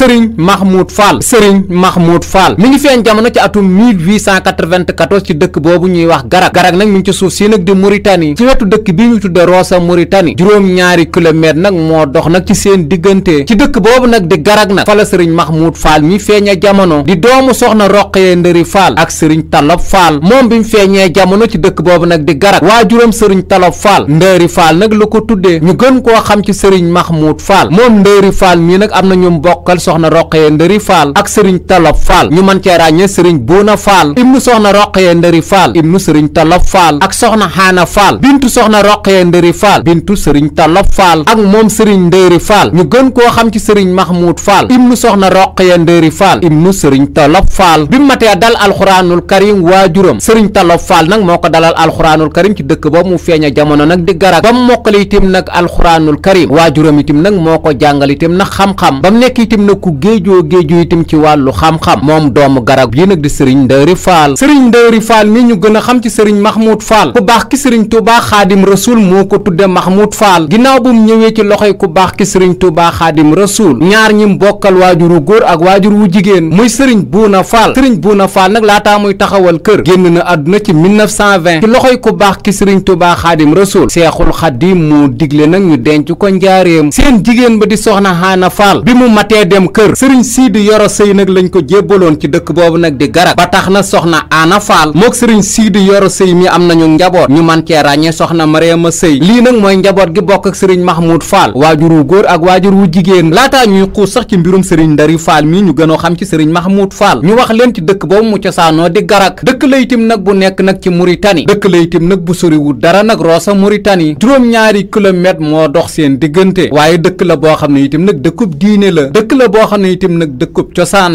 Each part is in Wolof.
Serigne Mahmoud Fall Serigne Mahmoud Fall mi ngi feeñ jamono ci atum 1894 ci dëkk boobu ñuy wax garag Garak nag mi ngi ci suuf si nag di Mauritanie ci wetu dëkk bi ñu tudde Rossa Mauritanie juróom-ñaari kilomètre nag moo dox nag ci seen diggante ci dëkk boobu nag di Garak nag fa la Serigne Mahmoud Fall mi feeña jamono di doomu soxna Roqee Ndëri faal ak Serigne Tallop faal moom bi mu feeñee jamono ci dëkk boobu nag di waa juróom Serigne Tallop Fall Ndëri faal nag lu ko tuddee ñu gën koo xam ci Serigne Mahmoud Fall moom Ndëri Fall mii nag am na ñu bokkal soxna roqee ndëri faal ak sëriñ tolob faal ñu mën cee ràññee sëriñ buuna faal ibnu soxna roqee ndëri faal ibnu sëriñ tolob faal ak soxna xaana faal bintu soxna roqee ndëri faal bintu sëriñ tolob faal ak moom sëriñ ndëri faal ñu gën koo xam ci sëriñ mahmuud faal ibnu soxna roqee ndëri faal ibnu sëriñ tolob faal bi mu matee dal alxuraanul karim waajuram sëriñ tolob faal nag moo ko dalal alxuraanul karim ci dëkk boobu mu feeñ a jamono nag di garag ba mu mokkale itam nag alxuraanul karim waajuram itam nag moo ko jàngal ku géejoo géeju itam ci wàllu xam-xam moom doomu garab yi nag di sëriñ Ndëri Faal sëriñ Ndëri Faal mi ñu gën a xam ci sëriñ Mahmoud Faal ku baax ki sëriñ Tuubaa Xaadim Rasuul moo ko tudde Mahmoud Faal ginnaaw bu mu ñëwee ci loxoy ku baax ki sëriñ Tuubaa Xaadim Rasuul ñaar ñi bokkal waajuru góor ak waajur wu jigéen muy sëriñ Buuna Faal sëriñ Buuna Faal nag laataa muy taxawal kër génn na àdduna ci 1920 ci loxoy ku baax ki sëriñ Tuubaa Xaadim Rasuul Seexul Xaadim moo digle nag ñu denc ko njaareem dem kër sëriñ siidi yoro sëy nag lañ ko jébbaloon ci dëkk boobu nag di garag ba tax na soxna aana faal mook sëriñ siidi yoro sëy mi am nañu njaboot ñu man cee ràññee soxna mariama sëy lii nag mooy njaboot gi bokk ak sëriñ mahmoud faal waajur wu góor ak waajur wu jigéen laataa ñuy xuus sax ci mbirum sëriñ ndari faal mi ñu gën gënoo xam ci sëriñ mahmoud faal ñu wax leen ci dëkk boobu mu cosaanoo di garag dëkk la itim nag bu nekk nag ci muritani dëkk la itim nag bu soriwul dara nag roosa muritani juróom-ñaari kilomètre moo dox diggante waaye dëkk la boo xam ne boo xam ne itam nag dëkkub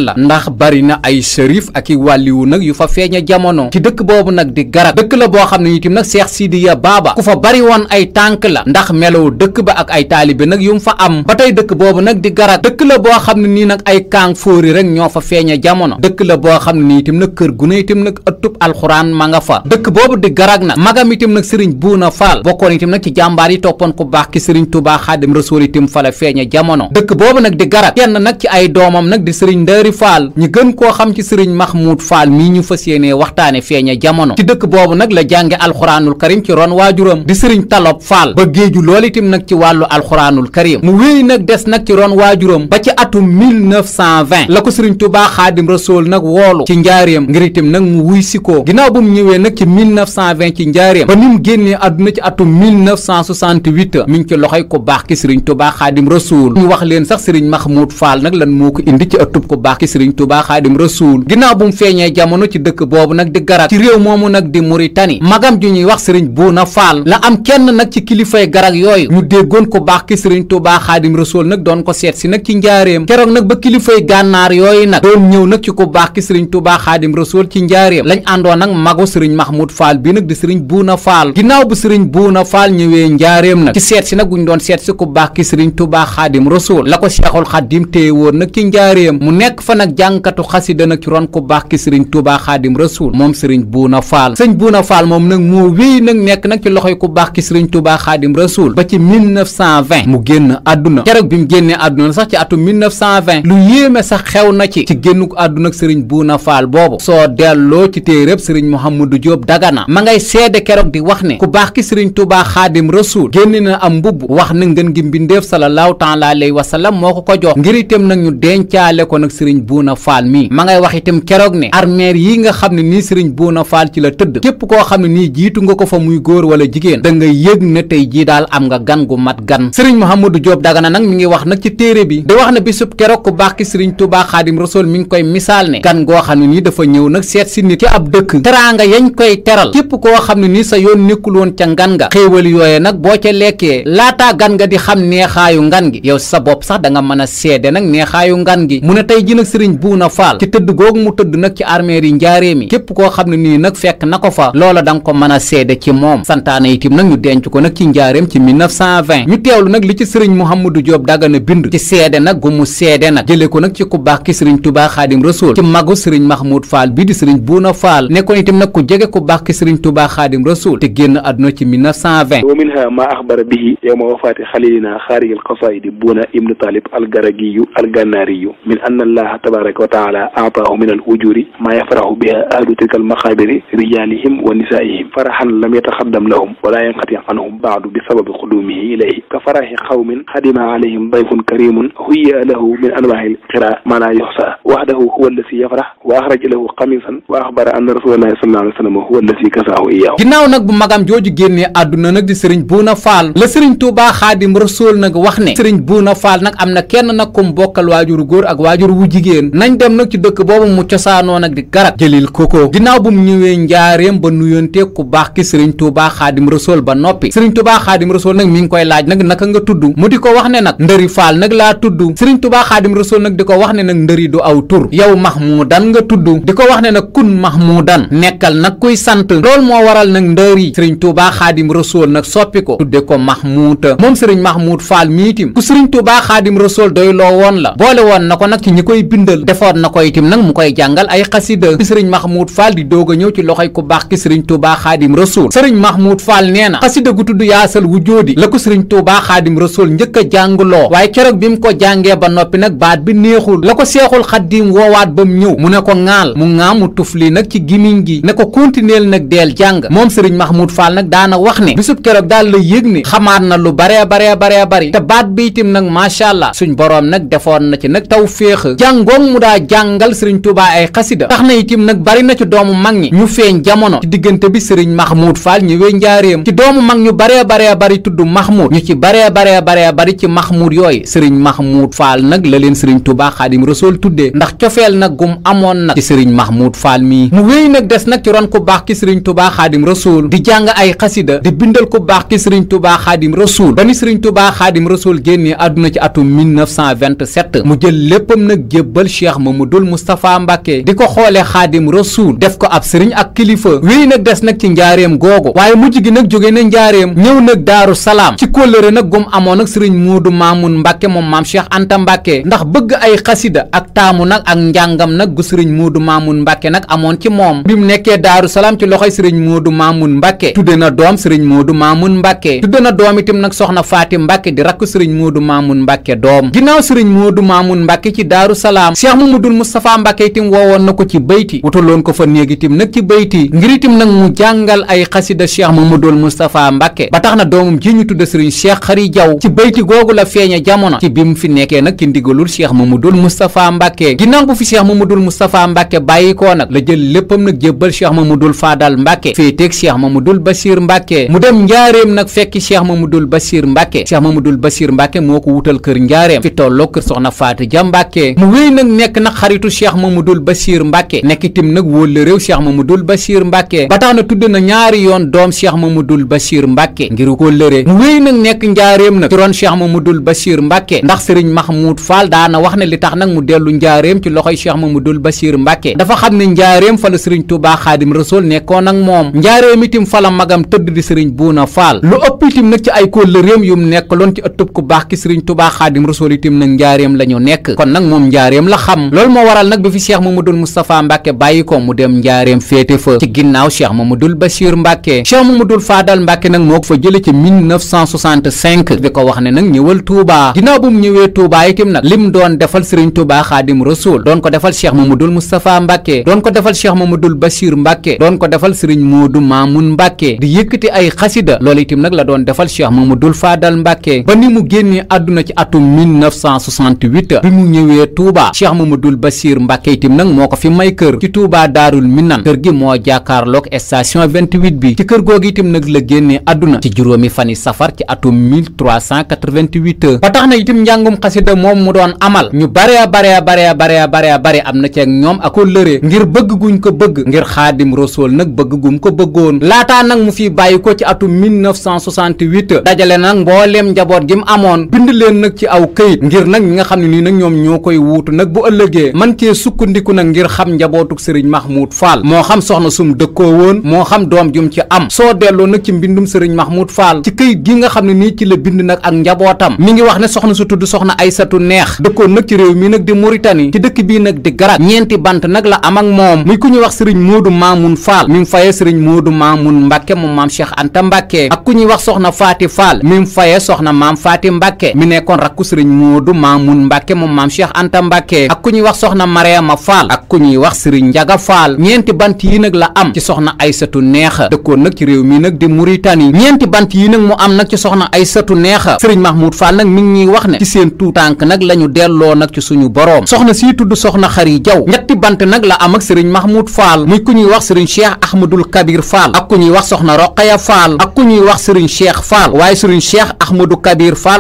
la ndax bari na ay sërif ak i wàlliwu nag yu fa feeña jamono ci dëkk boobu nag di garak dëkk la boo xam ne itam nag Cheikh Sidiya Baba ku fa bari woon ay tànk la ndax melow dëkk ba ak ay taalibe nag yu mu fa am ba tey dëkk boobu nag di garak dëkk la boo xam ne nii nag ay kaang fóori rek ñoo fa feeña jamono dëkk la boo xam ne nii itam nag kër gu ne itam nag ëttub alxuraan ma nga fa dëkk boobu di garak nag magam itam nag sëriñ Buuna Faal bokkoon itam nag ci jàmbaar yi toppoon ku baax ki sëriñ Tuubaa Xaadim Rasuul itam fa la feeña jamono dëkk boobu nag di garak kenn nag ci ay doomam nag di sëriñ Ndari faal ñu gën koo xam ci sëriñ Mahmoud Fall mii ñu fa yéenee waxtaane feeña jamono ci dëkk boobu nag la jànge alxuraanul karim ci ron waajuram di sëriñ Talob faal ba géeju loolu itam nag ci wàllu alxuraanul karim mu wéy nag des nag ci ron waajuram ba ci atum 1920 la ko sëriñ Touba Xaadim Rasool nag woolu ci njaareem ngir itam nag mu wuy si ko ginnaaw bu mu ñëwee nag ci 1920 ci njaareem ba ni mu génnee àdduna ci atum 1968 mi ngi ci loxoy ko baax ki sëriñ Touba Xaadim Rasool ñu wax leen sax sëriñ Mahmoud Fall taal nag lan moo ko indi ci ëttub ku baax ki sëriñ Tuubaa Xaadim Rasuul ginnaaw bu mu feeñee jamono ci dëkk boobu nag di garak ci réew moomu nag di Muritani magam ju ñuy wax sëriñ Buuna Faal la am kenn nag ci kilifay garak yooyu ñu déggoon ko baax ki sëriñ Tuubaa Xaadim Rasuul nag doon ko seet si nag ci njaareem keroog nag ba kilifay gànnaar yooyu nag doon ñëw nag ci ku baax ki sëriñ Tuubaa Xaadim Rasuul ci njaareem lañ àndoon nag magu sëriñ Mahmoud Faal bi nag di sëriñ Buuna Faal ginnaaw bu sëriñ Buuna Faal ñëwee njaareem nag ci seet si nag guñ doon seet si ku baax ki sëriñ Tuubaa Xaadim liggéey woon nag ci njaareem mu nekk fa nag jànkatu xasida nag ci ron ku baax ki sëriñ Tuubaa Xaadim Rasuul moom sëriñ Buuna Faal sëriñ Buuna Faal moom nag moo wéy nag nekk nag ci loxoy ku baax ki sëriñ Tuubaa Xaadim Rasuul ba ci 1920 mu génn àdduna keroog bi mu génnee àdduna sax ci atum 1920 lu yéeme sax xew na ci ci génnuk àdduna ak sëriñ Buuna Faal boobu soo delloo ci téereb sëriñ Mouhamadou Diop Dagana ma ngay seede keroog di wax ne ku baax ki sëriñ Tuubaa xa Rasuul génne na am na ngeen gi mbindeef sallallahu taala alayhi itam nag ñu dencaale ko nag sëriñ Buuna Faal mii ma ngay wax itam keroog ne armeer yi nga xam ne nii sëriñ Buuna Faal ci la tëdd képp koo xam ne nii jiitu nga ko fa muy wala jigéen da nga yëg ne tey jii daal am nga gan gu mat gan sëriñ Mouhamadou Diop Dagana nag mi ngi wax nag ci téere bi di wax ne bisub keroog ku baax ki sëriñ Tuubaa Xaadim Rasuul mi ngi koy misaal ne gan goo xam ne nii dafa ñëw nag seet si nit ci ab dëkk teraanga yañ koy teral képp koo xam ne nii sa yoon nekkul woon ca ngan ga xéewal yooye nag boo ca lekkee laataa gan nga di xam neexaayu ngan gi yow sa bopp sax da nga mën a seede nag nag neexaayu ngan gi mu ne tey ji nag sëriñ buuna faal ci tëdd googu mu tëdd nag ci armeer yi njaaree képp koo xam ne nii nag fekk na ko fa loola da nga ko mën a seede ci moom santaane itim nag ñu denc ko nag ci njaareem ci 1920 ñu teewlu nag li ci sëriñ Mouhamadou Diop Dagana bind ci seede nag gu mu seede nag jëlee ko nag ci ku baax ki sëriñ Touba Xaadim Rasuul ci magu sëriñ Mahmoud Fall bi di sëriñ buuna faal nekkoon itam nag ku jege ku baax ki sëriñ Touba Xaadim Rasuul te génn àdduna ci 1920 wa minha ma axbara bihi algannaariyu min anna allaha tabaraka wa taala aataahu min al ujuri maa yafrahu biha ahlu tilka al maqaabiri rijalihim wa nisaihim farahan lam yataxaddam lahum wala yanqati anhum baadu bi sababi qudumihi ilayhi ka farahi qawmin xadima alayhim dayfun karimun huya lahu min anwaahil qira maa laa yuxsa wahdahu huwa allasi yafrah wa axraja lahu qamisan wa axbara anna rasulallahi sallallahu alayhi wa sallam huwa allasi kasaahu iyaahu ginnaaw nag bu magam jooju génnee àdduna nag di sëriñ Buuna Faal la sëriñ Tuubaa Xaadim Rasuul nag wax ne sëriñ Buuna Faal nag am na kenn nag kum bokkal waajuru góor ak waajur wu jigéen nañ dem nag ci dëkk boobu mu cosaanoo nag di garag jëlil koko ginnaaw bu mu ñëwee njaareem ba nuyonte ku baax ki sëriñ Tuubaa xaadim rasool ba noppi sëriñ Tuubaa xaadim rasool nag mi ngi koy laaj nag naka nga tudd mu di ko wax ne nag ndëri faal nag laa tudd sëriñ Tuubaa xaadim rasool nag di ko wax ne nag ndëri du aw tur yow max Mahmoudan nga tudd di ko wax ne nag kun Mahmoudan nekkal nag kuy sant loolu moo waral nag ndëri sëriñ Tuubaa xaadim rasool nag soppi ko tudde ko Mahmouta moom sëriñ Mahmoud Faal miitim ku sëriñ Tuubaa xaadim rasool woon la boole woon na ko nag ci ñi koy bindal defoon na ko itim nag mu koy jàngal ay xasida ki sëriñ Mahmoud Fall di doog a ñëw ci loxoy ku baax ki sëriñ Touba Xaadim Rasul sëriñ Mahmoud Fall nee na xasida gu tudd yaasal wu jóodi la ko sëriñ Touba Xaadim Rasul njëkk a jàngloo waaye keroog bi mu ko jàngee ba noppi nag baat bi neexul la ko seexul xaddiim woowaat ba mu ñëw mu ne ko ŋaal mu ŋaam mu tufli nag ci gimiñ gi ne ko continuel nag deel jàng moom sëriñ max Fall nag daana wax ne bisub keroog daal la yëg ne xamaat na lu baree baree baree bari baat bi nag macha allah suñ boroom nag defoon na ci nag taw féex jàngoom mu daa jàngal sëriñ Touba ay xasida tax na itim nag bari na ci doomu mag ñi ñu feeñ jamono ci diggante bi sëriñ Mahmoud Fall ñëwee njaareem ci doomu mag ñu baree baree bari tudd Mahmoud ñu ci baree baree baree bari ci Mahmoud yooyu sëriñ Mahmoud Fall nag la leen sëriñ Touba Xaadim Rasuul tuddee ndax cofeel nag gum amoon nag ci sëriñ Mahmoud Fall mii mu wéy nag des nag ci ron ku baax ki sëriñ Touba Xaadim Rasuul di jàng ay xasida di bindal ku baax ki sëriñ Touba Xaadim Rasuul ba ni sëriñ Touba Xaadim Rasuul génnee àdduna ci atum ak set mu jël léppam nag jébbal cheikh mamadul moustapha mbàkke di ko xoole xaadim rasuul def ko ab sëriñ ak kilifa wéy nag des nag ci njaareem googu waaye mujj gi nag jóge na njaareem ñëw nag daaru salaam ci kóllëre nag gum amoon nag sëriñ muudu maamun mbàkke moom maam cheikh anta mbàkke ndax bëgg ay xasida ak taamu nag ak njàngam nag gu sëriñ muudu maamun mbàkke nag amoon ci moom bi mu nekkee daaru salaam ci loxo sëriñ muudu maamun mbàkke tudde na doom sëriñ muudu maamun mbàkke tudde na doom itam nag soxna faati mbàkke di rakk sëriñ muudu maamun mbàkke doom Moodu Maamun Mbàkke ci Daaru Salaam Cheikh Mamadul Moustapha Mbàkke itam woowoon na ko ci bayti wutaloon ko fa néeg itam nag ci bayti ngir itam nag mu jàngal ay xasida Cheikh Mamadul Moustapha Mbàkke ba tax na doomam ji ñu tudda Sëriñ Cheikh Xari Jaw ci bayti googu la feeñe jamono ci bi mu fi nekkee nag ci ma Cheikh Mamadul Moustapha Mbàkke ginnaaw bu fi seex ma Cheikh Mamadul Moustapha Mbàkke bàyyi koo nag la jël léppam nag jébbal Cheikh Mamadul Faadal Mbàkke féeteeg Cheikh Mamadul Basiir Mbàkke mu dem njaareem nag fekki Cheikh Mamadul Basiir Mbàkke Cheikh Mamadul Basiir Mbàkke moo ko wutal kër njaareem fi tolloo kër soxna faati ja mbàkke mu wéy nag nekk nag xaritu cheikh dul basiir mbàkke nekk itam nag wóolla réew cheikh mamadul basiir mbàkke ba tax tudd na ñaari yoon doom cheikh mamadul basiir mbàkke ngir ko lëre mu wéy nag nekk njaareem nag ci roon cheikh mamadul basiir mbàkke ndax sëriñ mahmoud fall daana wax ne li tax nag mu dellu njaareem ci loxoy cheikh mamadul basiir mbàkke dafa xam ne njaareem fa la sëriñ tubaa xaadim rasul nekkoo nag moom njaareem itim fa la magam tëdd di sëriñ buuna faal lu ëpp itim nag ay kóllëreem yum nekk loon ci ëttub ku baax ki sëriñ tubaa xaadim njaareem la ñu nekk kon nag moom njaareem la xam loolu moo waral nag bi fi cheikh mamadul moustapha mbàkke bàyyi ko mu dem njaareem féete fa ci ginnaaw cheikh mamadul bachir mbàkke cheikh mamadul faadal mbàkke nag moo ko fa jële ci 1965 bi ko wax ne nag ñëwal tuubaa ginnaaw bu mu ñëwee tuubaa itam nag lim doon defal sëriñ tuubaa xaadim rasul doon ko defal cheikh mamadul moustapha mbàkke doon ko defal cheikh mamadul bachir mbàkke doon ko defal sëriñ moodu maamun mbàkke di yëkkati ay xasida loolu itam nag la doon defal cheikh mamadul faadal mbàkke ba ni mu génnee àdduna ci atum 1960 1968 bi mu ñëwee Touba Cheikh Mamadou Bassir Mbacke itam nag moo ko fi may kër ci Touba Daarul Minan kër gi moo jàkkaarloog station 28 bi ci kër googu itam nag la génnee àdduna ci juróomi fani safar ci atum 1388 ba na itam njàngum xasida moom mu doon amal ñu bare bare bare bare bare bare am na ceeg ñoom ak lëre ngir bëgg guñ ko bëgg ngir xaadim rosool nag bëgg gum ko bëggoon laataa nag mu fi bàyyi ko ci atum dajale nag mbooleem njaboot gi mu ñeneen ñi nga xam ne nii nag ñoom ñoo koy wuutu nag bu ëllëgee man cee sukkandiku nag ngir xam njabootug sëriñ Mahmoud Fall moo xam soxna sum dëkkoo woon moo xam doom jum ci am soo delloo nag ci mbindum sëriñ Mahmoud faal ci këyit gi nga xam ne nii ci la bind nag ak njabootam mi ngi wax ne soxna su tudd soxna ay satu Neex dëkkoon nag ci réew mi nag di Mauritanie ci dëkk bii nag di Garak ñeenti bant nag la am ak moom muy ku ñuy wax sëriñ Moodu Mamoun Fall mi mu fayee sëriñ Moodu Mamoun Mbàkke mu maam Cheikh Anta Mbàkke ak ku ñuy wax soxna Faati Fall mi mu soxna maam Faati Mbàkke mi nekkoon Mamoun Mbacke moom maam Cheikh Anta Mbacke ak ku ñuy wax soxna Mariama Fall ak ku ñuy wax Serigne Ndiaga Fall ñeenti bant yi nag la am ci soxna Aysatu Neexa dëkkoon nag ci réew mi nag di Mauritanie ñeenti bant yi nag mu am nag ci soxna Aysatu Neexa Serigne Mahmoud Fall nag mi ngi ñuy wax ne ci seen tuutànk nag la ñu delloo nag ci suñu boroom soxna sii tudd soxna Xari Jaw ñetti bant nag la am ak Serigne Mahmoud Fall muy ku ñuy wax Serigne Cheikh Ahmadul Kabir Fall ak ku ñuy wax soxna Roqaya Fall ak ku ñuy wax Serigne Cheikh Fall waaye Serigne Cheikh Ahmadou Kabir Fall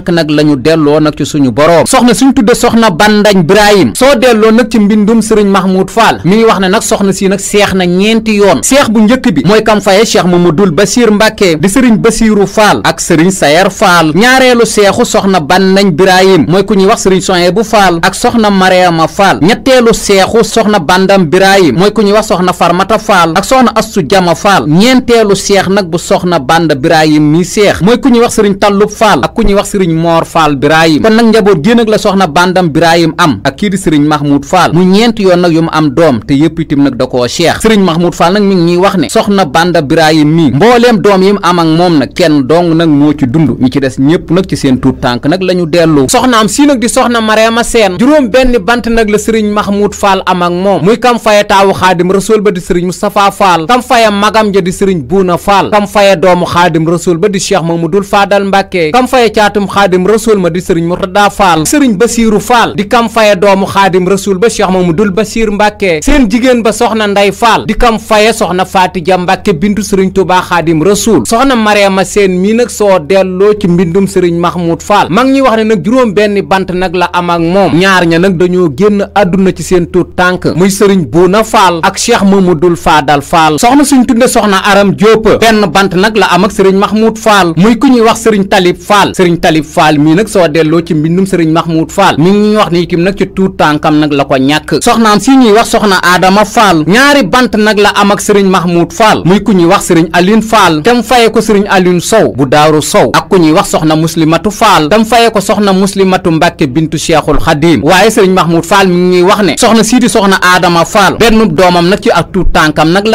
ndànk nag la ñu delloo nag ci suñu boroom soxna suñ tudde soxna bandañ Birahim soo delloo nag ci mbindum sëriñ Mahmoud Fall mi ngi wax na nag soxna si nag seex na ñeenti yoon seex bu njëkk bi mooy kam faye cheikh Mamadul Basiir Mbàkke di sëriñ Basiiru Fall ak sëriñ Sayer Fall ñaareelu seexu soxna bandañ Birahim mooy ku ñuy wax sëriñ soye bu Fall ak soxna Mariama Fall ñetteelu seexu soxna bandam Birahim mooy ku ñuy wax soxna Farmata Fall ak soxna Astu Jama Fall ñeenteelu seex nag bu soxna banda Birahim mi seex mooy ku ñuy wax sëriñ Tallub Fall ak ku ñuy wax sëriñ sëriñ moor faal birahim kon nag njaboot gi nag la soxna bandam birahim am ak kii di sëriñ mahmoud faal mu ñeent yoon nag yu mu am doom te yëpp itam nag da koo cheikh sëriñ mahmoud faal nag mi ngi ñuy wax ne soxna banda birahim mii mbooleem doom yi mu am ak moom nag kenn dong nag moo ci dund ñi ci des ñépp nag ci seen tuut tànk nag la ñu dellu soxna am sii nag di soxna mariama seen juróom benn bant nag la sëriñ mahmoud faal am ak moom muy kam faye taawu xaadim rasul ba di sëriñ moustapha faal kam faye magam ja di sëriñ buuna faal kam faye doomu xaadim rasul ba di cheikh mamadul faadal mbàkke kam faye caatum ma di sëriñ Murtada Fall sëriñ Basiiru Fall di kam faye doomu xaadim rasul ba Cheikh Mamadul Basiir Mbàkke ba soxna Ndey Fall di kam faye soxna Faatija Mbàkke bintu sëriñ Tuubaa xaadim rasul soxna Mariama Seen mii nag soo delloo ci mbindum sëriñ Mahmoud Fall mag ñi wax ne nag juróom benn bant nag la am ak moom ñaar ña nag dañoo génn àdduna ci seen tuut tànk muy sëriñ Buuna Fall ak Cheikh Mamadul Faadal Fall soxna suñ tudde soxna Aram Diop benn bant nag la am ak sëriñ Mahmoud Fall muy ku ñuy wax sëriñ Talib Fall sëriñ Talib Fall mii nag soo delloo ci mbindum sëriñ Mahmoud Fall mi ñuy wax ni itam nag ci tuut tànkam nag la ko ñàkk soxnaam si ñuy wax soxna Adama Fall ñaari bant nag la am ak sëriñ Mahmoud Fall muy ku ñuy wax sëriñ Aline Fall tam faye ko sëriñ Aline Sow bu Daaru Sow ak ku ñuy wax soxna Muslimatu Fall tam faye ko soxna Muslimatu Mbàkke bintu Cheikhul Xadim waaye sëriñ Mahmoud Fall mi ngi wax ne soxna siiti soxna Adama Fall benn doomam nag ci ak tuut tànkam nag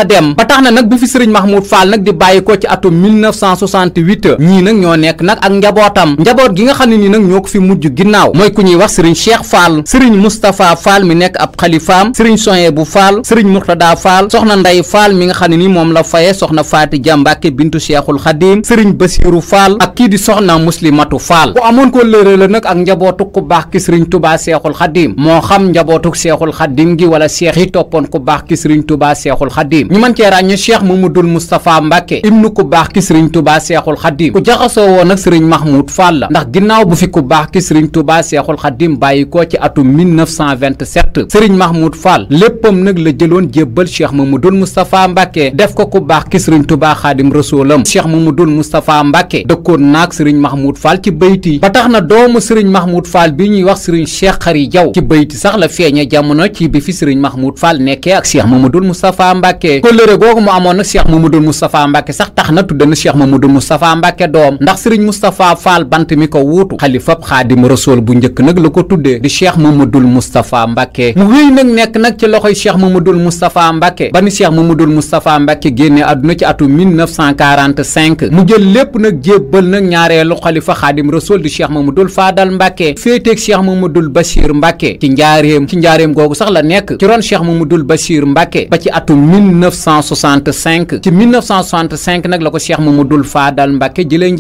ba ko ci atum 1968 ñii nag ñoo nekk nag ak njaboot gi nga xam ne nii nag ñoo ko fi mujj ginnaaw mooy ku ñuy wax sëriñ Cheikh Fall sëriñ Moustapha faal mi nekk ab xalifaam sëriñ Soye bu Fall sëriñ Murtada Fall soxna Ndey faal mi nga xam ne nii moom la faye soxna Faati Jàmbàkke bintu Cheikhul Xadim sëriñ Basiiru faal ak kii di soxna Muslimatu Fall ku amoon ko lëre la nag ak njabootu ku baax ki sëriñ Tubaa Cheikhul Xadim moo xam njabootu Cheikhul Xadim gi wala cheikh yi toppoon ku baax ki sëriñ Tubaa Cheikhul Xadim ñu mën cee ràññe Cheikh Mamadul Moustapha Mbàkke ibnu ku baax ki sëriñ Tubaa Cheikhul Xadim ku jaxasoo woon nag sëriñ Mahmoud Fall la ndax ginnaaw bu fi ku baax ki sëriñ Touba Seexul Xadim bàyyi ko ci atum 1927 sëriñ Mahmoud Fall léppam nag la jëloon jébbal Cheikh Mamadou Moustapha Mbacke def ko ku baax ki sëriñ Touba Xadim Rasoulam Cheikh Mamadou Moustapha Mbacke dëkkoon naag sëriñ Mahmoud Fall ci bayti ba tax na doomu sëriñ Mahmoud faal bi ñuy wax sëriñ Cheikh Xari Jaw ci bayti sax la feeñe jamono ci bi fi sëriñ Mahmoud Fall nekkee ak Cheikh Mamadou Moustapha Mbacke kóllëre googu mu amoon nag Cheikh Mamadou Moustapha Mbacke sax tax na tudde na Cheikh Mamadou Moustapha Mbacke doom ndax sëriñ Moustapha Fall bant mi mi ko wuutu xalifab xaadim rasool bu njëkk nag la ko tuddee di cheikh mamadul moustapha mbàkke mu rëy nag nekk nag ci loxoy cheikh mamadul moustapha mbàkke ba ni cheikh mamadul moustapha mbàkke génnee àdduna ci atu 1945 mu jël lépp nag jébbal nag ñaareelu xalifa xaadim rasool di cheikh mamadul faadal mbàkke féeteeg cheikh mamadul bachir mbàkke ci njaareem ci njaareem googu sax la nekk ci ron cheikh mamadul bachir mbàkke ba ci atu 1965 ci 1965 nag la ko cheikh mamadul faadal mbàkke jëlee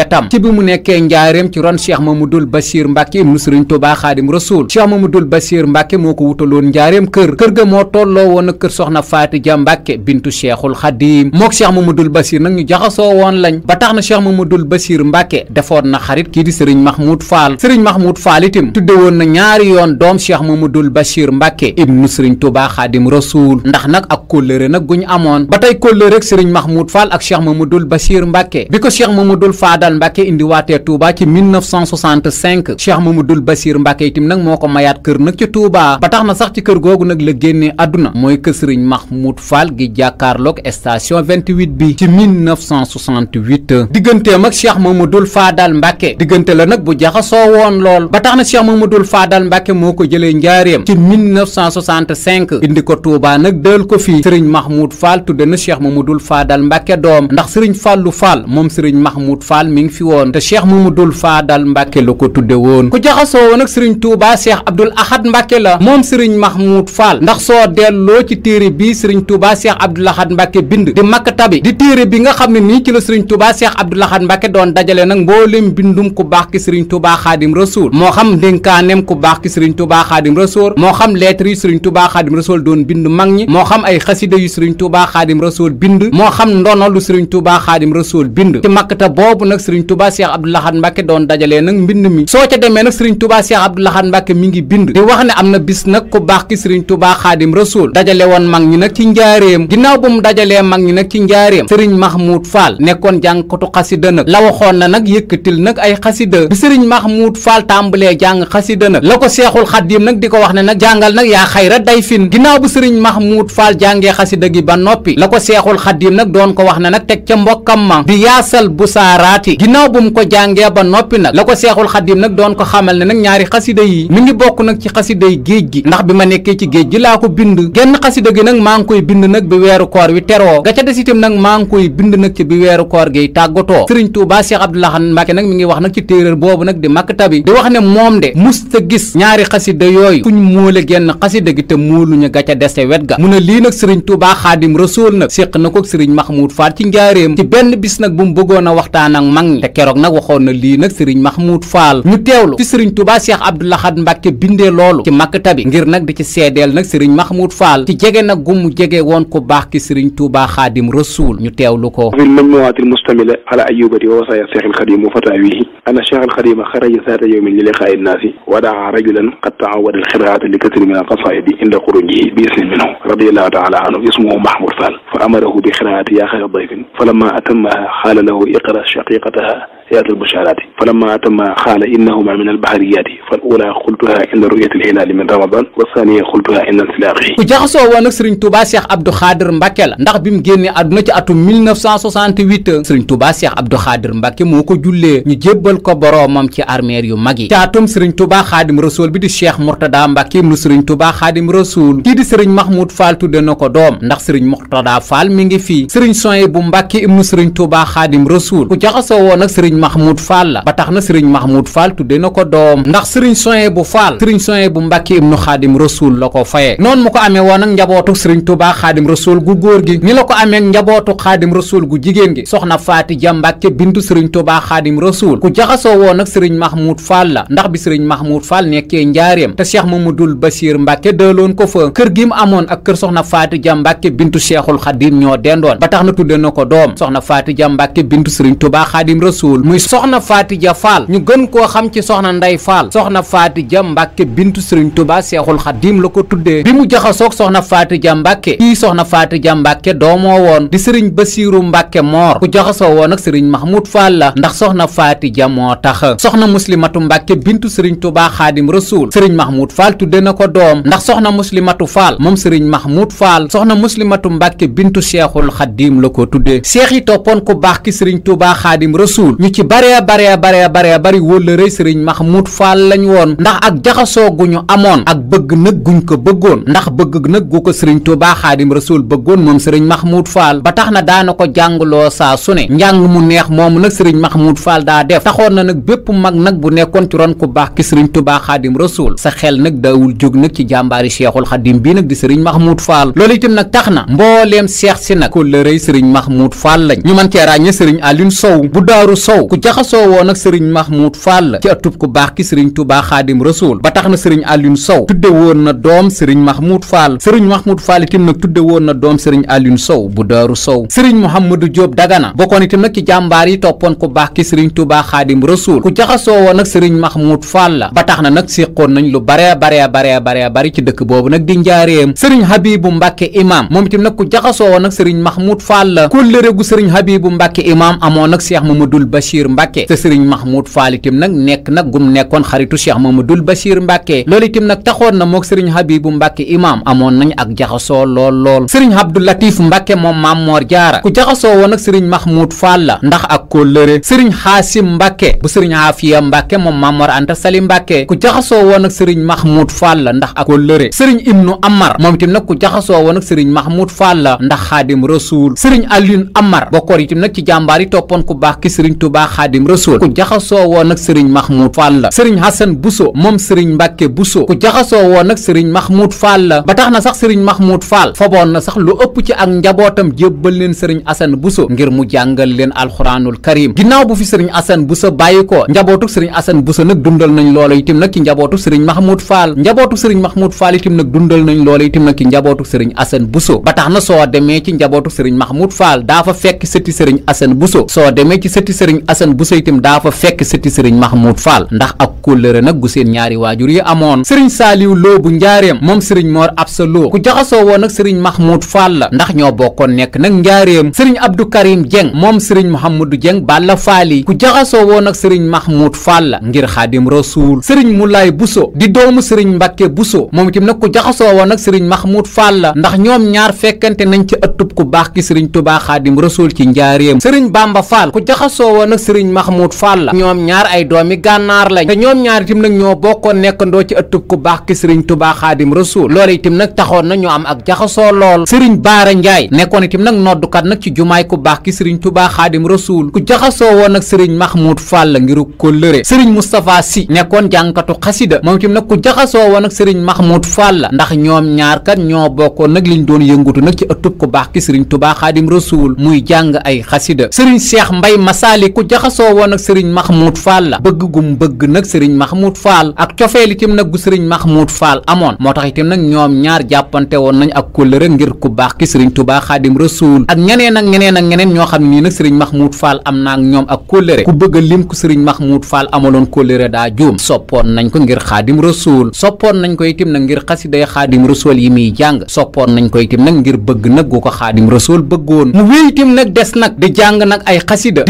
wetam ci bi mu nekkee njaareem ci ron cheikh mamadul basir mbàkke ibnu sëriñ tubaa xaadim rasul cheikh mamadul basir mbàkke moo a kër soxna faati ja mbàkke bintu cheikhul xadim mook cheikh mamadul basir nag ñu jaxasoo woon lañ na cheikh mamadul basir mbàkke defoon na xarit kii di sëriñ mahmoud faal sëriñ woon na ñaari yoon doom cheikh mamadul basir mbàkke ibnu sëriñ tubaa xaadim rasul ndax nag ak kóllëre nag guñu amoon ba tey kóllëre ak sëriñ mahmoud faal ak mu mamadul basir mbàkke bi ko cheikh mamadul faadal Fall Mbacke indiwaatee Touba ci 1965 Cheikh Mamadou Bassir Mbacke itam nag moo ko mayaat kër nag ci Touba ba tax na sax ci kër googu nag la génnee àdduna mooy kër Serigne Mahmoud Fall gi jàkkaarloog station 28 bi ci 1968 digganteem ak Cheikh Mamadou Fadal Mbacke diggante la nag bu jaxasoo woon lool ba tax na ma Cheikh Mamadou Fadal Mbacke moo ko jëlee njaareem ci 1965 indi ko Touba nag dël ko fii Serigne Mahmoud Fall tudde na Cheikh Mamadou Fadal Mbacke doom ndax Serigne Fallou Fall moom Serigne Mahmoud Fall mi mi ngi fi woon te cheikh mamadul faadal mbàkke la ko tudde woon ku jaxasoo woon ak sëriñ tuuba cheikh abdul ahad mbàkke la moom sëriñ mahmoud faal ndax soo delloo ci téere bi sëriñ tuuba cheikh abdul ahad mbàkke bind di makk tabi di téere bi nga xam ne nii ci la sëriñ tuuba cheikh abdul ahad mbàkke doon dajale nag mboolem bindum ku baax ki sëriñ tuuba xaadim rasuul moo xam ndénkaanem ku baax ki sëriñ tuuba xaadim rasuul moo xam lettre yi sëriñ tuuba xaadim rasuul doon bind mag ñi moo xam ay xasida yu sëriñ tuuba xaadim rasuul bind moo xam ndono lu sëriñ tuuba xaadim rasuul bind ci makkata boobu sëriñ Touba Cheikh Abdou Lahad Mbacke doon dajalee nag mbind mi soo ca demee nag sëriñ Touba Cheikh Abdou Lahad Mbacke mi ngi bind di wax ne am na bis nag ku baax ki sëriñ Touba Xaadim Rasuul dajale woon mag ñi nag ci njaareem ginnaaw bu mu dajalee mag ñi nag ci njaareem sëriñ Mahmoud Fall nekkoon jàngkatu xasida nag la waxoon na nag yëkkatil nag ay xasida bi sëriñ Mahmoud Fall tàmbalee jàng xasida nag la ko Seexul Xaadim nag di ko wax ne nag jàngal nag yaa xayra day fin ginnaaw bu sëriñ Mahmoud Fall jàngee xasida gi ba noppi la ko Seexul Xaadim nag doon ko wax ne nag teg ca mbokkam ma di yaasal bu saaraati ginnaaw bu mu ko jàngee ba noppi nag la ko seexul xadim nag doon ko xamal ne nag ñaari xasida yi mi ngi bokk nag ci xasiday géej gi ndax bi ma nekkee ci géej gi laa ko bind genn xasida gi nag maa ngi koy bind nag bi weeru koor wi teroo ga ca des itam nag maa ngi koy bind nag ci bi weeru koor gi tàggatoo sëriñ Tuubaa Seex Abdul Ahad Mbàkke nag mi ngi wax nag ci téeréer boobu nag di Maktabi di wax ne moom de musta gis ñaari xasida yooyu kuñ móole genn xasida gi te móoluñu ga ca dese wet ga mu ne lii nag sëriñ Tuubaa Xaadim Rasuul nag séq na ko sëriñ Mahmoud Faat ci njaaréem ci benn bis nag bu mu bëggoon a waxtaan ak mag Mm. te keroog nag waxoon na lii nag sëriñ Mahmoud Fall ñu teewlu ci sëriñ Touba Cheikh Abdou Lahad Mbacke bindee loolu ci Maktaba bi ngir nag di ci seedeel nag sëriñ Mahmoud Fall ci jege nag gu mu jege woon ku baax ki sëriñ Touba Xaadim Rasuul ñu teewlu ko fi lmajmuwaati lmustamila ala ayubati wa wasaaya Cheikh alxadim wa fataawihi ana Cheikh alxadim xaraja saata yawmin li liqaa'i nnaasi wa daa rajulan qad taawada alxiraata li kasri min alqasaidi inda xurujihi bi isnin minhu radiallahu taala anhu ismuhu Mahmoud Fall fa amarahu bi xiraati yaa xayra dayfin falamma atammaha xaala lahu iqra shaqiqata وقتها سيئات البشارات فلما أتم قال إنهما من البحريات فالأولى قلتها عند رؤية الهلال من رمضان والثانية قلتها عند انطلاقه ku jaxasoo woon ak Serigne Touba Cheikh Abdou Khadir Mbacke la ndax bi mu génnee àdduna ci atum 1968 Serigne Touba Cheikh Abdou Khadir Mbacke moo ko jullee ñu jébbal ko boroomam ci armeer yu mag yi ci atum Serigne Touba Khadim Rasoul bi di Cheikh Mourtada Mbacke mu Serigne Touba Khadim Rasoul kii di Serigne Mahmoud Fall tudde na ko doom ndax Serigne Mourtada mi ngi fii Serigne Soye bu Mbacke mu Serigne Touba Khadim Rasoul ku jaxasoo woon ak Mahmoud Fall la ba tax na sëriñ Mahmoud Fall tudde na ko doom ndax sëriñ soye bu Fall sëriñ soye bu Mbàkke ibnu Xaadim Rasuul la ko faye noonu mu ko amee woon ak njabootu sëriñ Tuubaa Xaadim Rasuul gu góor gi ni la ko amee ak njabootu Xaadim Rasuul gu jigéen gi soxna Faati Ja Mbàkke bintu sëriñ Tuubaa Xaadim Rasuul ku jaxasoo woon ak sëriñ Mahmoud Fall la ndax bi sëriñ Mahmoud Fall nekkee njaareem te Cheikh Mamadul Basiir Mbàkke dëloon ko fa kër gi mu amoon ak kër soxna Faati Ja Mbàkke bintu Cheikhul Xaadim ñoo dendoon ba tax na tudde na ko doom soxna Faati Ja Mbàkke bintu sëriñ Tuubaa Xaadim Rasuul muy soxna Faty Dia Fall ñu gën koo xam ci soxna Ndeye Fall soxna Faty Dia Mbacke bintu Serigne Touba Seexul Xadim la ko tuddee bi mu jaxasoog soxna Faty Dia Mbacke kii soxna Faty Dia Mbacke doomoo woon di Serigne Basiiru Mbacke Moor ku jaxasoo woon ak sëriñ Mahmoud Fall la ndax soxna Faty Dia moo tax soxna Muslimatu Mbacke bintu Serigne Touba Xaadim Rasuul sëriñ Mahmoud Fall tudde na ko doom ndax soxna Muslimatu Fall moom Serigne Mahmoud Fall soxna Muslimatu Mbacke bintu Seexul Xadim la ko tuddee seex yi toppoon ku baax ki Serigne Touba Xaadim Rasuul ñu ci bare bare bare bare bari wóllëre sëriñ Mahmoud Fall lañ woon ndax ak jaxasoo gu ñu amoon ak bëgg nag guñ ko bëggoon ndax bëgg nag gu ko sëriñ Tuubaa Xaadim Rasuul bëggoon moom sëriñ Mahmoud Fall ba tax na daana ko jàngloo saa su ne njàng mu neex moomu nag sëriñ Mahmoud Fall daa def taxoon na nag bépp mag nag bu nekkoon ci ron ku baax ki sëriñ Tuubaa Xaadim Rasuul sa xel nag daawul jóg nag ci jàmbaari Seexul Xaadim bii nag di sëriñ Mahmoud Fall loolu itam nag tax na mbooleem seex si nag kóllërey sëriñ Mahmoud Fall lañ ñu mën cee ràññe sëriñ Alioune Sow ku jaxasoo woon ak sëriñ Mahmoud Fall ci atub ku baax ki sëriñ Touba Xaadim Rasuul ba tax na sëriñ Alioune Sow tudde woon na doom sëriñ Mahmoud Fall sëriñ Mahmoud Fall itam nag tudde woon na doom sëriñ Alioune Sow bu Daaru Sow sëriñ Mouhamadou Diop Dagana bokkoon itam nag ci jàmbaar yi toppoon ku baax ki sëriñ Touba Xaadim Rasuul ku jaxasoo woon ak sëriñ Mahmoud Fall ba tax na nag séqoon nañ lu bare bare bare bare bari ci dëkk boobu nag di njaareem sëriñ Habibu Mbàkke imam moom itam nag ku jaxasoo woon ak sëriñ Mahmoud Fall kóllëre gu sëriñ Habibu Mbàkke imam amoon nag Cheikh Mamadou Bachir Bachir Mbacke te sëriñ Mahmoud Fall nag nekk nag gum nekkoon xaritu Cheikh Mamadul Bachir Mbacke loolu itam nag taxoon na mook sëriñ Habibu Mbacke imaam amoon nañ ak jaxasoo lool lool sëriñ Abdou Latif Mbacke moom Maam Mor Jaara ku jaxasoo woon ak sëriñ Mahmoud Fall la ndax ak kóllëre sëriñ Xaasim Mbacke bu sëriñ Afiya Mbacke moom Maam Mor Anta Sali Mbacke ku jaxasoo woon ak sëriñ Mahmoud Fall la ndax ak kóllëre sëriñ Ibnu Amar moom itam nag ku jaxasoo woon ak sëriñ Mahmoud Fall la ndax Xaadim Rasuul sëriñ Alioune Amar Touba Xaadim Rasul ku jaxasoo woon nag sëriñ Mahmoud Fall la sëriñ Hassan Bousso moom sëriñ Mbàkke Bousso ku jaxasoo woon nag sëriñ Mahmoud Fall la ba tax na sax sëriñ Mahmoud Fall foboon na sax lu ëpp ci ak njabootam jébbal leen sëriñ Hassan Bousso ngir mu jàngal leen alxuraanul karim ginnaaw bu fi sëriñ Hassan Bousso bàyyi ko njabootu sëriñ Hassan Bousso nag dundal nañ loolu itam nag ci njabootu sëriñ Mahmoud Fall njabootu sëriñ Mahmoud Fall itam nag dundal nañ loolu Assane Bousso itam daa fa fekk sëti sëriñ Mahmoud Fall ndax ak kóllëre nag gu seen ñaari waajur yi amoon sëriñ Saaliw Lo bu njaareem moom sëriñ Mor Absa Lo ku jaxasoo woon nag sëriñ Mahmoud Fall la ndax ñoo bokkoon nekk nag njaareem sëriñ Abdou Karim Dieng moom sëriñ Mouhamadou Dieng Balla Faali ku jaxasoo woon nag sëriñ Mahmoud Fall la ngir Xaadim Rasuul sëriñ Moulay Bousso di doomu sëriñ Mbàkke Bousso moom itam nag ku jaxasoo woon nag sëriñ Mahmoud Fall ndax ñoom ñaar fekkante nañ ci ëttub ku baax ki sëriñ Tuubaa Xaadim Rasuul ci njaareem sëriñ Bamba Serigne Mahmoud Fall ñoom ñaar ay doomi gànnaar lañ te ñoom ñaar itam nag ñoo bokkoon nekkandoo ci ëttub ku baax ki Serigne Touba Xaadim Rasuul loolu itam nag taxoon na ñu am ak jaxasoo lool Serigne Baara Ndiaye nekkoon itam nag noddukat nag ci jumaay ku baax ki Serigne Touba Xaadim Rasuul ku jaxasoo woon nag Serigne Mahmoud Fall ngiru kóllëre Serigne Moustapha Sy nekkoon jànkatu xasida moom itam nag ku jaxasoo woon nag Serigne Mahmoud Fall ndax ñoom ñaar kat ñoo bokkoon nag liñ doon yëngutu nag ci ëttub ku baax ki Serigne Touba Xaadim Rasuul muy jàng ay xasida jaxasoo woon ak sëriñ Mahmoud Fall la bëgg gum bëgg nag sëriñ Mahmoud faal ak cofeel itam nag gu sëriñ Mahmoud faal amoon moo tax itam nag ñoom ñaar jàppante woon nañ ak kóllëre ngir ku baax ki sëriñ Touba Xaadim Rasuul ak ñeneen ak ñeneen ak ñeneen ñoo xam nii nag sëriñ Mahmoud faal am naa ak ñoom ak kóllëre ku bëgg a lim ku sëriñ Mahmoud faal amaloon kóllëre daa juum soppoon nañ ko ngir Xaadim Rasuul soppoon nañ ko itam nag ngir xasiday Xaadim Rasuul yi muy jàng soppoon nañ ko itam nag ngir bëgg nag ko Xaadim Rasuul bëggoon mu wéy itam nag des nag di jàng nag ay xasida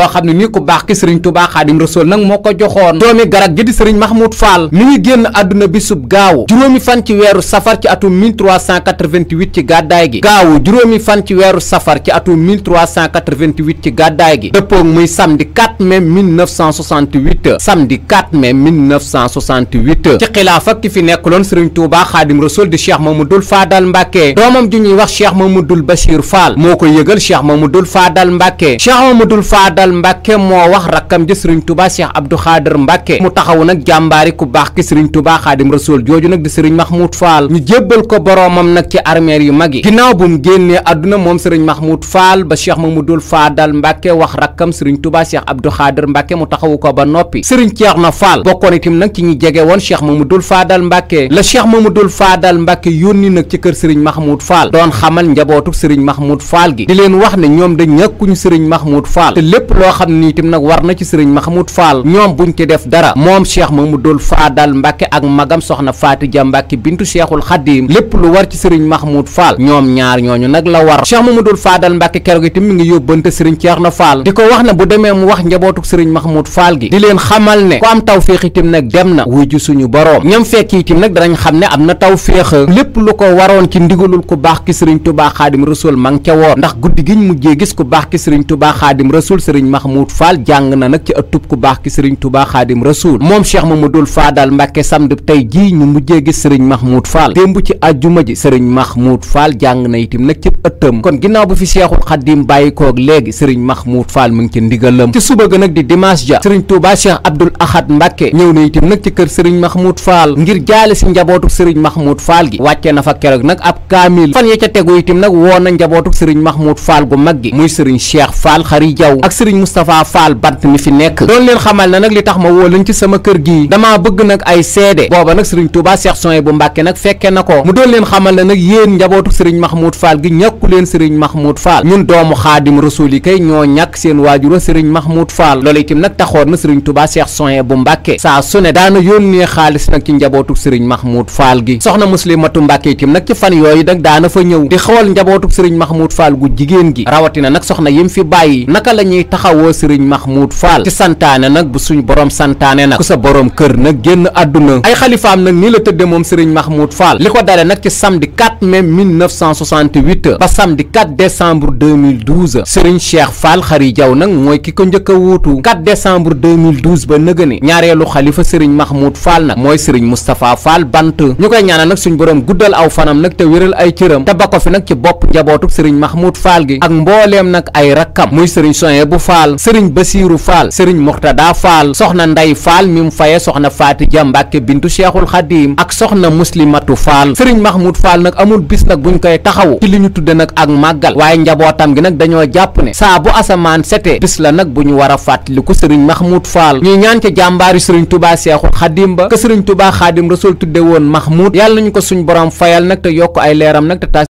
loo xam ne nii ko baax ki sëriñ tubaa xaadim rasool nag moo ko joxoon doomi garag gi di sëriñ mahmoud fall mi ngi génn àdduna bisub gaawu juróomi fan ci weeru safar ci atum 1388 ci gàddaay gi gaawu juróomi fan ci weeru safar ci atum 1388 ci gàddaay gi dëppoog muy samedi 4 mai 1968 samedi 4 mai 1968 ci xilaaf ak ki fi nekkuloon sëriñ tubaa xaadim rasool di cheikh mamadul faadal mbàkke doomam ju ñuy wax cheikh mamadul bachir fall moo ko yëgal cheikh mamadul faadal mbàkke cheikh mamadul faadal Fall Mbacke moo wax rakkam ja Serigne Touba Cheikh Abdou Khader Mbacke mu taxaw nag jàmbaari ku baax ki Serigne Touba Khadim Rasoul jooju nag di Serigne Mahmoud Fall ñu jébbal ko boroomam nag ci armeer yu mag yi ginnaaw bu mu génnee àdduna moom Serigne Mahmoud Fall ba Cheikh Mamadou Fadal Mbacke wax rakkam Serigne Touba Cheikh Abdou Khader Mbacke mu taxawu ko ba noppi Serigne Cheikhouna Fall bokkoon itam nag ci ñi jege woon Cheikh Mamadou Fadal Mbacke la Cheikh Mamadou Fadal Mbacke yónni nag ci kër Serigne Mahmoud Fall doon xamal njabootu Serigne Mahmoud Fall gi di leen wax ne ñoom da ñàkkuñu Serigne Mahmoud Fall te loo xam ni itam nag war na ci sëriñ Mahmoud faal ñoom buñ ci def dara moom ma cheikh Mamadou Fadal Mbacke ak magam soxna Faati Ja Mbacke bintu seexul cheikhul xadim lépp lu war ci sëriñ Mahmoud Fall ñoom ñaar ñooñu nag la war cheikh Mamadou Fadal Mbacke keroog itam mi ngi yóbbante sëriñ ceex na Fall di ko wax na bu demee mu wax njabootuk sëriñ Mahmoud faal gi di leen xamal ne ku am tawféex itam nag dem na wuy ju suñu boroom ñam fekk itam nag danañ xam ne am na tawféex lépp lu ko waroon ci ndigalul ku baax ki sëriñ Tubaa Xaadim Rasul ma nga ca woon ndax guddi giñ mujjee gis ku baax ki sëriñ Tubaa Xaadim Rasul sëriñ Mahmoud Fall jàng na nag ci ëttub ku baax ki sëriñ Touba Xaadim Rasuul moom Cheikh Mamadou Fadal Mbàkke samedi tey jii ñu mujjee gis sëriñ Mahmoud Fall démb ci àjjuma ji sëriñ Mahmoud Fall jàng na itam nag ci ëttam kon ginnaaw bu fi Cheikhul Xaadim bàyyi koog léegi sëriñ Mahmoud Fall mu ngi ci ndigalam ci suba ga nag di dimanche ja sëriñ Touba Cheikh Abdoul Ahad Mbàkke ñëw na itam nag ci kër sëriñ Mahmoud faal ngir jaale si njabootu sëriñ Mahmoud Fall gi wàccee na fa keroog nag ab kaamil fan ya ca tegu itam nag woo na njabootu sëriñ Mahmoud Fall gu mag gi muy sëriñ Cheikh Fall Serigne Moustapha Fall bant mi fi nekk doon leen xamal na nag li tax ma woo leen ci sama kër gii damaa bëgg nag ay seede booba nag Serigne Touba Cheikh Soye bu Mbàkke nag fekke na ko mu doon leen xamal na nag yéen njabootu Serigne Mahmoud Fall gi ñàkku leen Serigne Mahmoud Fall ñun doomu xaadim rasul yi kay ñoo ñàkk seen waajuro Serigne Mahmoud Fall loolu itam nag taxoon na Serigne Touba Cheikh Soye bu Mbàkke saa su ne daana yónnee xaalis nag ci njabootu Serigne Mahmoud Fall gi soxna Muslimatu Mbàkke itam nag ci fan yooyu nag daana fa ñëw di xool njabootu Serigne Mahmoud Fall gu jigéen gi rawatina nag soxna yim fi bàyyi naka la tax taxawoo sëriñ Mahmoud Fall ci santaane nag bu suñ borom santaane nag ku sa borom kër nag génn àdduna ay xalifaam nag nii la tëdde moom sëriñ Mahmoud Fall li ko dale nag ci samedi 4 mai 1968 ba samedi 4 décembre 2012 sëriñ Cheikh Fall Khary Diaw nag mooy ki ko njëkk a wuutu 4 décembre 2012 ba nëgëni ñaareelu xalifa sëriñ Mahmoud faal nag mooy sëriñ Moustapha Fall bant ñu koy ñaanal nag suñ borom guddal aw fanam nag te wëral ay cëram te ba ko fi nag ci bopp njabootub sëriñ Mahmoud Fall gi ak mbooleem nag ay rakkam muy sëriñ Soye bu Fall sëriñ Basiiru Fall sëriñ Muxtada Fall soxna Ndey Fall mi mu faye soxna Faatija Mbàkke bintu Seexul Xadiim ak soxna Muslimatu Fall sëriñ Mahmoud Fall nag amul bis nag buñ koy taxawu ci li ñu tudde nag ak màggal waaye njabootam gi nag dañoo jàpp ne saa bu asamaan setee bis la nag bu ñu war a fàttaliku sëriñ Mahmoud Fall ñuy ñaan ca jàmbaari sëriñ Tubaa Seexul Xadiim ba ke sëriñ Tubaa Xaadim Rasuul tudde woon Mahmoud yàlla nañu ko suñ borom fayal nag te yokk